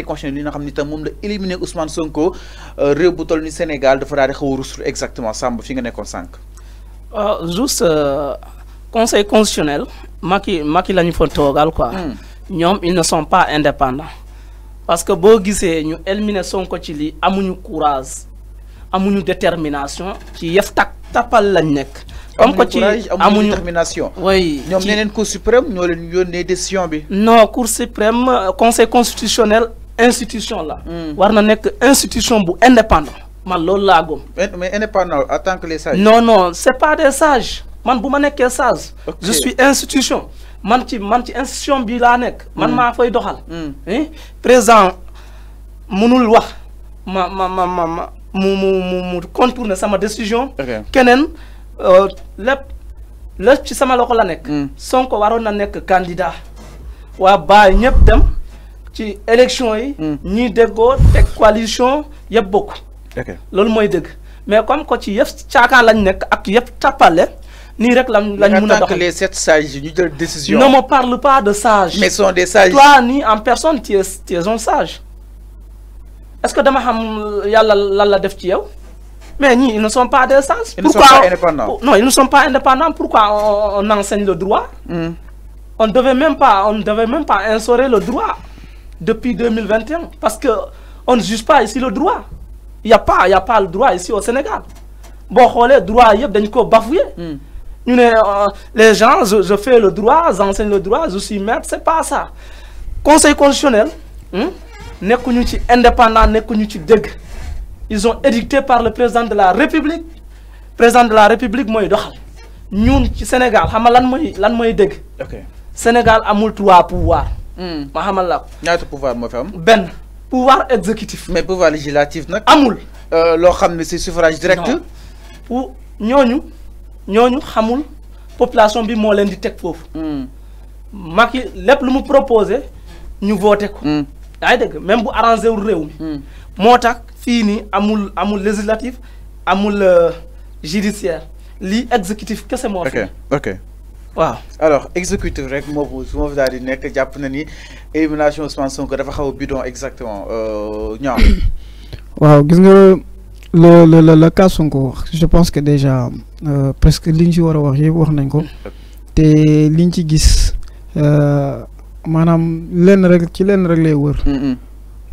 conseil constitutionnel n'a pas ni tam éliminé Ousmane Sonko euh, réew bu Sénégal dafa faire exactement Samba fi nga nekkoon sànq. Euh, juste euh, conseil constitutionnel Macky qui la ñu fa quoi. Hmm. ils ne sont pas indépendants. parce que boo gisee ñu éliminer Sonko ci lii amuñu courage amuñu détermination ci est tapal lañ nek comme ko ci amuñu détermination oui ñoom neneen cour suprême ñoo leen yónnee décision bi. non cour suprême conseil constitutionnel institution là, hmm. war na institution bu indépendant. man mais indépendant en tant que les sages. non non c'est pas des sages man suis nek sage. je suis institution. man ci man ci institution bi la nek man hmm. ma fay doxal. Hmm. Eh? Présent munul wax ma ma ma ma décision. Kenen euh, le ci sama loxo la nek, Sonko waro na candidat. wa dem ci élection yi. ni hmm. déggoo té coalition yëpp bokk. loolu moy dëgg mais comme ko ci yef caakaan lañ nek ak yef tapalé ni rek lañ lañ mun a les sept sages ñu jël décision. me parle pas de sages. mais sont des sages. toi ni en personne tu es tu es un sage. est-ce que dama xam yalla lan la def ci yow. Mais ils ne sont pas des sages. Ils Pourquoi ne sont pas indépendants. Oh, non, ils ne sont pas indépendants. Pourquoi on, on enseigne le droit mm. On devait même pas, on devait même pas instaurer le droit depuis 2021. Parce qu'on ne juge pas ici le droit. Il n'y a, pas, y a pas le droit ici au Sénégal. Bon, le droit, hmm. euh, Les gens, je, fais le droit, j'enseigne le droit, je suis maître, c'est pas ça. Conseil constitutionnel, hmm, indépendant ils ont édicté par le président de la république président de la république nous doxal ñun Sénégal a lan Sénégal trois pouvoir ma xamal la ko. ñaata pouvoir moo fi benn pouvoir executif mais pouvoir législatif nag. amul. Euh, loo xam ne si suffrage direct. pour ñooñu ñooñu xamul population bi moo leen di teg foofu. Hmm. Macky lépp lu mu proposé ñu voté ko. Hmm. yaa dégg même bu arrangé wul réew hmm. moo tax fii nii amul amul législatif amul euh, judiciaire lii exécutif kese moo fi. waaw alors exécutif rek moobu su ma fi daal di nekk jàpp na ni élimination Ousmane Sonko dafa xaw bidon exactement euh, ñaar. waaw gis nga le le le le cas Sonko je pense que déjà euh, presque liñ ci war a wax yëpp wax nañ ko te liñ ci gis euh, maanaam lenn rek ci lenn rek lay wër. Mm-hmm.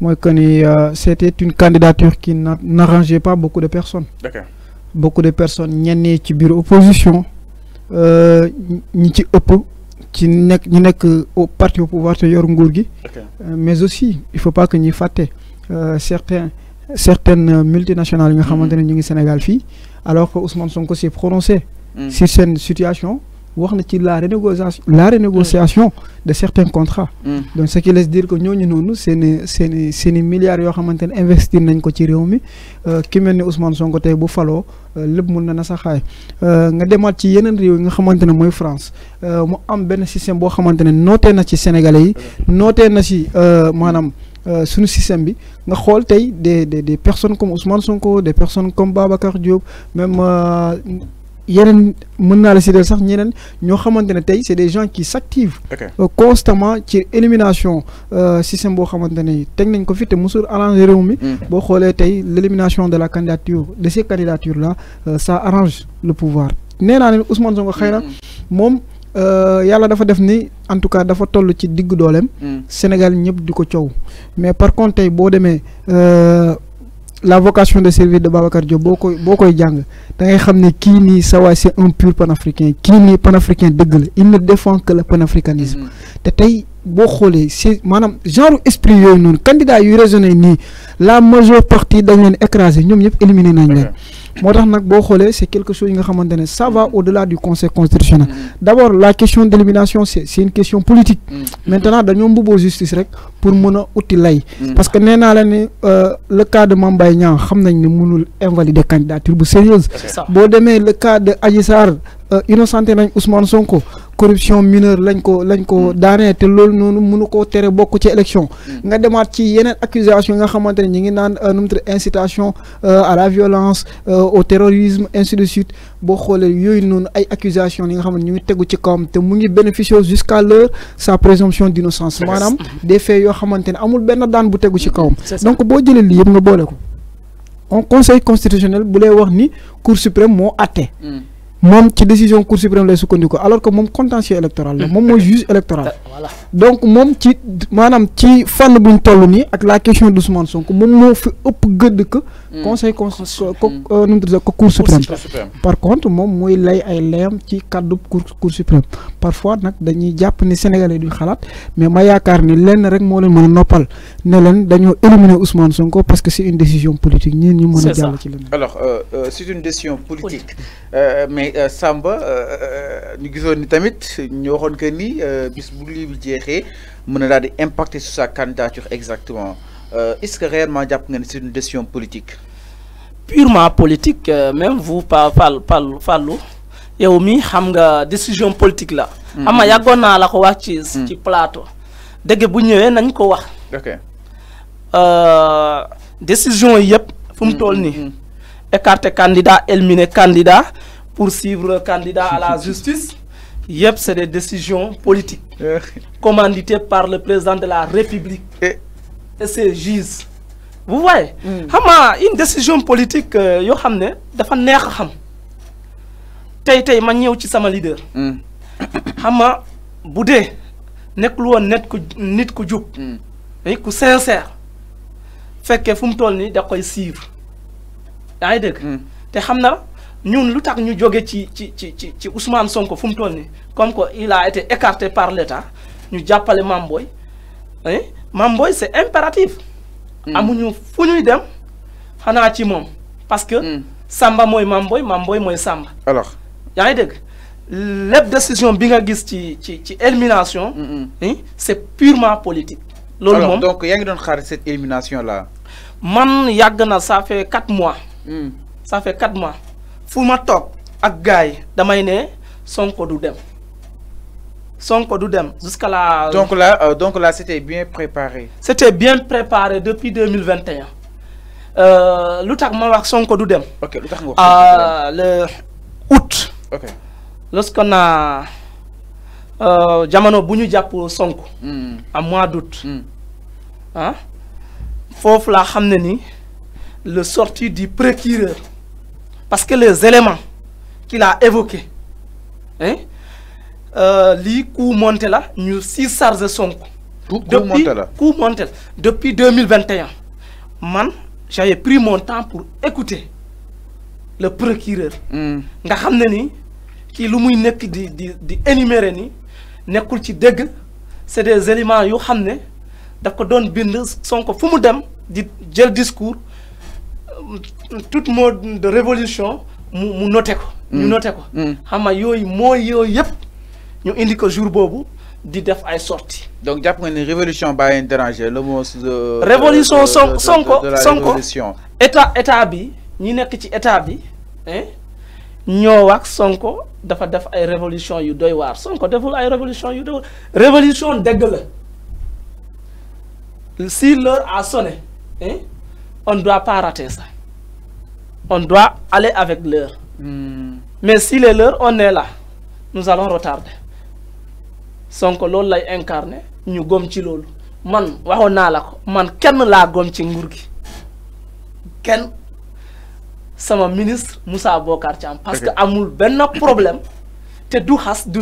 mooy que ni c'était une candidature qui n'arrangeait pas beaucoup de personnes. D'accord. beaucoup de personnes ñenn ci bureau opposition. Euh, ñi ci ëpp ci au parti au pouvoir de euh, mais aussi il ne faut pas que nous fassions euh, certains certaines multinationales qui nga mm. Sénégal alors que Ousmane Sonko s'est prononcé. Mm. sur cette situation wax ci la renégociation la renégociation de certains contrats mm. Mm. donc ce qui laisse dire que ñooñu noonu c'est seeni seeni milliards yoo xamante ne investir nañ ko ci réew mi euh, ki mel ni Ousmane Sonko tey bu faloo euh, lépp mun na na saxaay euh, nga demaat ci yeneen réew nga xamante ne mooy France mu am benn système boo xamante ne na ci sénégalais yi nootee na ci maanaam suñu système bi nga xool tey des des des personnes comme Ousmane Sonko des personnes comme Babacar Diop même yenen mën na la si del sax ñeneen ñoo xamantene tay c'est des gens qui s'activent euh, constamment ci élimination euh, système bo xamantene ne teg nañ ko fi te mosul arrangé mi hmm. bo xolé tay l'élimination de la candidature de ces candidatures là euh, ça arrange le pouvoir nee naa Ousmane Sonko xëy mom hmm. euh, yalla dafa def ni en tout cas dafa tollu ci digg dooleem hmm. Sénégal ñëpp diko ciow mais par contre bo démé euh, la vocation de servir de Babacar Diop boo jang da ngay xam ki ni nii un pur panafricain ki ni panafricain deug la il ne défend que le panafricanisme mm-hmm. te tay bo xolé c'est maanaam genre esprit yoy noonu candidat yu raisonné ni la majeure partie dañ leen écrasé nous ñëpp éliminé nañ leen motax nak bo xolé c'est quelque chose qui nga ça va au delà du conseil constitutionnel mm. D'abord, la question d'élimination, c'est une question politique mm. maintenant dañoo mbubboo justice rek pour nous outi lay mm. parce que euh, le cas de Mame nous Niang xam nañ mënul invalider candidature bu sérieuse bo démé le cas de Adji euh, innocenté nañ Ousmane Sonko corruption mineure lañ ko lañ ko hmm. daanee té loolu nonu mënu ko téré bokku ci élection hmm. nga démat ci yeneen accusation nga xamante ñi ngi nane euh, nu mu incitation euh, à la violence au terrorisme ainsi de suite bo xolé yoy nonu ay accusation yi nga xam ne ñu ngi tegu ci kawam té mu ngi bénéficier jusqu'à l'heure sa présomption d'innocence manam des faits yo xamante amul benn daan bu téggu ci kawam donc bo jëlee li yëpp nga bolé ko on conseil constitutionnel bu lay wax ni cour suprême mo atté hmm si ci décision cour suprême lay soukandiko alors que moom contentieux électoral la moom juge électoral donc moom ci maanaam ci fànn bu ñu toll nii ak la question d'Ousmane Sonko moom moo fi ëpp gëdd que. Hmm. conseil constitutionnel ko hmm. euh, nu mu cour suprême. par contre moom mooy lay ay layam ci cadre cour suprême parfois nag dañuy jàpp ni sénégalais duñ xalaat mais ma yaakaar ni lenn rek moo leen mën a noppal ne leen dañoo éliminer Ousmane Sonko parce que c'est une décision politique ñun ñu mën a. jàll ci leneen alors euh, euh, c'est une décision politique mais Samba ñu gisoon ni tamit ñu waxoon que ni bis bu bi jeexee mën impacté sur sa candidature exactement euh, est-ce que réellement une décision politique. purement politique euh, même vous parle parle Fallou décision politique là. y a la ko mm-hmm. ci. plateau. Euh, décision yep, mm-hmm. écarter candidat éliminer candidat poursuivre candidat à la justice. Yep, c'est des décisions politiques eh. commanditées par le président de la République. Eh. Et, c'est Vous voyez hmm. une décision politique, vous euh, yo hamne, dafa neex xam. Tay tay leader. Hama net ko nit hmm. da koy hmm. Te nous, nous tax ñu jóge ci ci ci ci Ousmane Sonko fu comme quoi il a été écarté par l'État. Nous ñu pas Mame Boye hein Mamboy, c'est impératif. Nous hmm. fu ñuy dem xanaa ci moom. parce que hmm. Samba moi Mamboy. Mamboy, Mame Boye Samba. alors y a dégg les décision bi nga gis ci ci élimination. Hmm, hein, c'est purement politique. Alors, donc yaa ngi doon xaar cette élimination là. man yàgg ça fait quatre mois. ça fait quatre mois fu ma toog ak damay Sonko du Sonko du jusqu'à la. donc là euh, donc là c'était bien préparé. c'était bien préparé depuis 2021. euh lutak Sonko du ok euh, le août. ok lorsqu'on a euh, jamono bu pour Sonko. à hmm. mois d'août. ah foofu la le sorti du procureur. Parce que les éléments qu'il a évoqués, hein, euh, li là, nous six charges son coup. Depuis, depuis 2021, man, j'avais pris mon temps pour écouter le procureur. Je hmm. xamné ni ki lu muy nek di di c'est des éléments qui xamné été ko doon bind sonko fu di discours tout mode de révolution mu noté ko ñu mm. noté ko mm. xam nga yooyu mooy yooyu ñu indi ko jour bobu di def ay sortie donc japp nga ni révolution baa déranger le mot euh, de révolution sonko sonko état état bi ñi nek ci état bi hein, ñoo ak sonko dafa def ay révolution yu doy war sonko deful ay révolution yu doy révolution dégg la si l'heure a sonné hein, on doit pas rater ça on doit aller avec l'heure. Hmm. Mais si les l'heure, on est là, nous allons retarder. Son colo est incarné Nous gom ci man man kenn la gom ci nguur sama ministre Moussa parce que amul ben problème te du du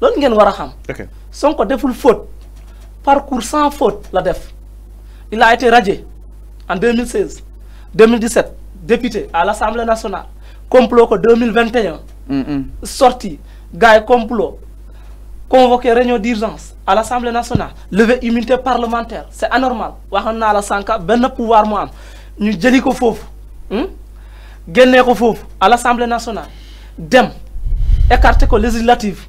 loolu ngeen war a xam. Sonko deful faute parcours sans faute la def il a été radié en 2016 2017 député à l'Assemblée nationale complot en 2021. sorti gars complot convoqué réunion d'urgence à l'Assemblée nationale levé immunité parlementaire c'est anormal waxoon à la sanka, ben pouvoir mu am ñu jëli ko foofu hmm? ko à l'Assemblée nationale dem écarté ko législatif.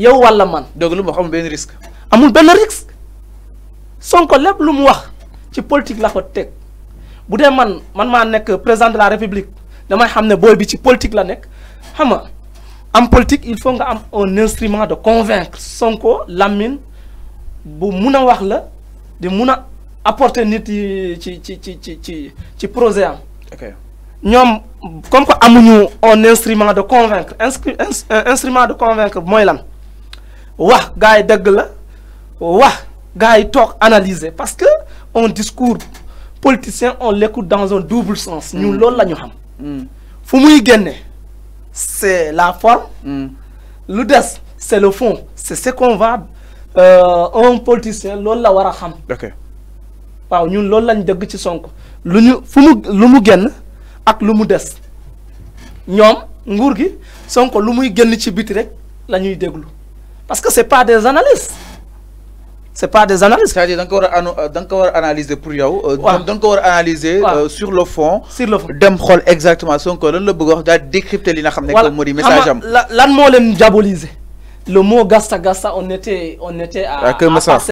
yow wala man doog lu ma xam benn risque amul ben risque Sonko lepp lu mu wax ci politique la ko tek Boudé man man ma nek président de la république damay xam ne bi ci politique la nek. xam nga am politique il faut nga am un instrument de convaincre Sonko Lamine bu mun wax la de mun apporter nit ci ci ci ci ci ci projet am. ñom comme ko amuñu un instrument de convaincre euh, instrument de convaincre moy lan wah gars yi gars analyser parce que un discours politicien on l'écoute dans un double sens Nous, mm. nous la nous xam mm. c'est la forme mm. lu c'est le fond c'est ce qu'on va euh, un politicien la wara Nous ok Nous Nous, nous Sonko ak Nous, nous Sonko parce que c'est pas des analystes c'est pas des analystes c'est-à-dire euh, analyser pour y waaw da nga analyser. Euh, sur le fond. sur le fond dem exactement son lan le bëgg wax daal décrypter li nga mori ne. voilà moo message diaboliser. le mot gasta gasta on était on était à